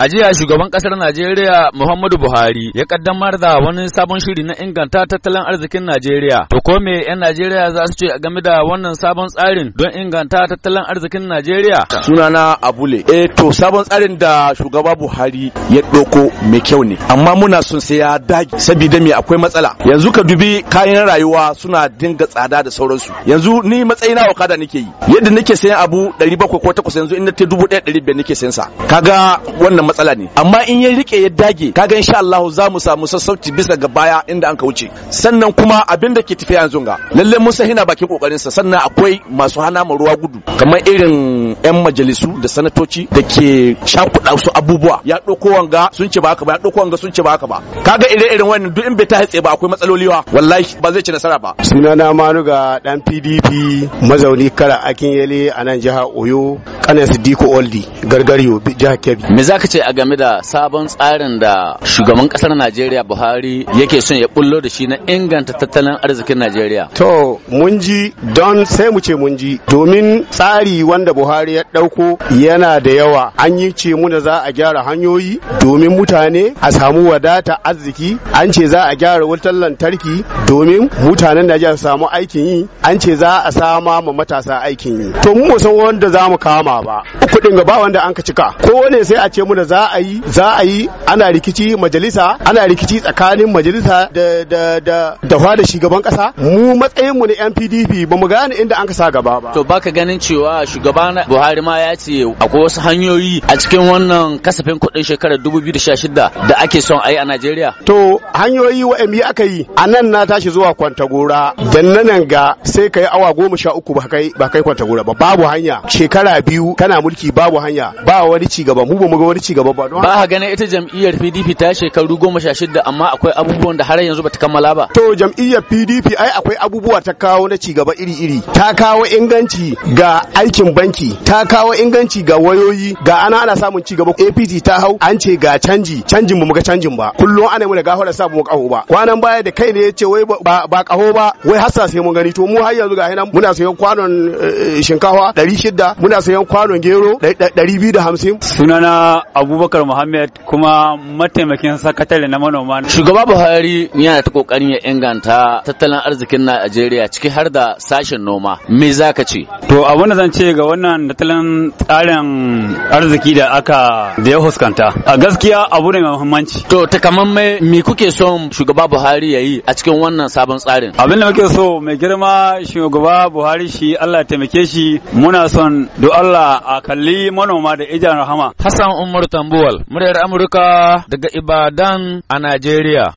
A jiya shugaban kasar Najeriya Muhammadu Buhari ya kaddamar da wani sabon shiri na inganta tattalin arzikin Najeriya. To ko me 'yan Najeriya za su ce game da wannan sabon tsarin don inganta tattalin arzikin Najeriya? Sunana Abule. Eh to sabon tsarin da shugaba Buhari ya mai kyau ne. Amma muna son sai ya dage saboda me akwai matsala. Yanzu ka dubi kayan rayuwa suna dinga tsada da sauransu. Yanzu ni matsayina wakada nake yi. Yadda nake sayan abu 700 ko 800 yanzu in na ta 1500 nake sayan sa. Kaga wannan wannan matsala ne amma in ya rike ya dage kaga insha Allah za mu samu sassauci bisa ga baya inda an ka wuce sannan kuma abin da ke tafiya yanzu ga lalle Musa hina bakin kokarin sa sannan akwai masu hana mu ruwa gudu kamar irin yan majalisu da sanatoci da ke shakuɗa su abubuwa ya ɗauko wanga sun ce ba haka ba ya ɗauko wanga sun ce ba haka ba kaga ire irin wannan duk in bai ta hatse ba akwai matsaloli wa wallahi ba zai ci nasara ba sunana manuga dan PDP mazauni kara akin yele a nan jihar Oyo kanan Sidiko Oldi gargariyo jihar Kebbi me zaka ce a game da sabon tsarin da shugaban kasar Najeriya Buhari yake son ya bullo da shi na inganta tattalin arzikin Najeriya? To, mun ji don sai mu ce mun ji domin tsari wanda Buhari ya ɗauko yana da yawa an yi ce muna za a gyara hanyoyi domin mutane a samu wadata arziki an ce za a gyara wutar lantarki domin mutanen Najeriya su samu aikin yi an ce za a sama ma matasa aikin yi. To mu san wanda za mu kama ba kuɗin ga ba wanda an ka cika Ko ne sai a ce da za a yi za a yi ana rikici majalisa ana rikici tsakanin majalisa da da da da da shugaban kasa mu matsayin mu na yan ba mu gane inda an ka sa gaba ba to baka ganin cewa shugaban Buhari ma ya ce akwai wasu hanyoyi a cikin wannan kasafin kuɗin shekarar 2016 da ake son a yi a Najeriya to hanyoyi wa wa'ami aka yi a nan na tashi zuwa Kwantagora dan nan ga sai kai awa goma sha uku ba kai ba kai Kwantagora ba babu hanya shekara biyu kana mulki mulki babu hanya ba wani ci gaba mu ba mu ga wani ci gaba ba don ba ganin ita jam'iyyar PDP ta shekaru goma shida amma akwai abubuwan da har yanzu bata kammala ba to jam'iyyar PDP ai akwai abubuwa ta kawo na ci gaba iri-iri ta kawo inganci ga aikin banki ta kawo inganci ga wayoyi ga ana ana samun ci gaba APT ta hau an ce ga canji canjin mu ga canjin ba kullum ana mu da gafara sa mu kaho ba kwanan baya da kai ne ya ce wai ba kaho ba wai hassa sai mun gani to mu har yanzu ga hina muna sayan kwanon eh, shinkafa 600 muna sayan kwanon gero 250 biyu da hamsin. Sunana Abubakar Muhammad kuma mataimakin sakatare na manoma. Shugaba Buhari yana ta kokarin ya inganta tattalin arzikin Najeriya ciki har da sashen noma. Me za ka ce? To abin da zan ce ga wannan tattalin tsarin arziki da aka da ya huskanta A gaskiya abu ne mai muhimmanci. To mai me kuke son shugaba Buhari ya yi a cikin wannan sabon tsarin? Abin da muke so mai girma shugaba Buhari shi Allah taimake shi muna son do Allah a kalli li manoma da ijan rahama. Hassan Umar Tambuwal, muryar Amurka daga Ibadan a Najeriya.